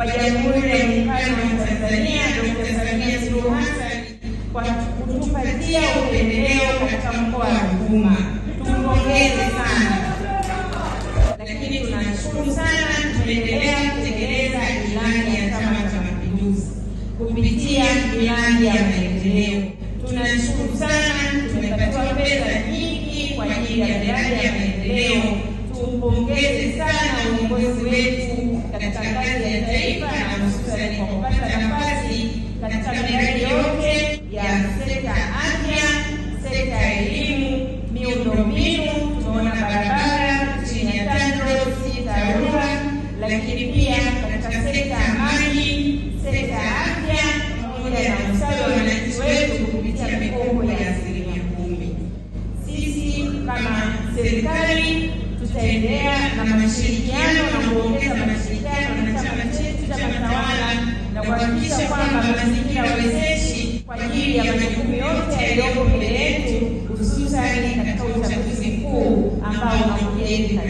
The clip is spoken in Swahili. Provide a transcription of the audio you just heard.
wa Jamhuri ya Muungano wa Tanzania Dkt. Samia Suluhu Hassan kwa kutupatia upendeleo katika mkoa wa Ruvuma. Tumpongeze sana, lakini tunashukuru sana. Tumeendelea kutekeleza ilani ya Chama cha Mapinduzi kupitia ilani ya maendeleo. Tunashukuru sana, tumepatiwa fedha nyingi kwa ajili ya miradi ya maendeleo. Tumpongeze sana miundombinu, tumeona barabara chini ya TANROADS, TARURA, lakini pia katika sekta ya maji, sekta ya afya pamoja na ustawi wa wananchi wetu kupitia mikopo ya asilimia kumi. Sisi kama serikali tutaendelea na mashirikiano na kuongeza mashirikiano na chama chetu cha tawala na kuhakikisha kwamba mazingira wezeshi kwa ajili ya majukumu yote yaliyopo in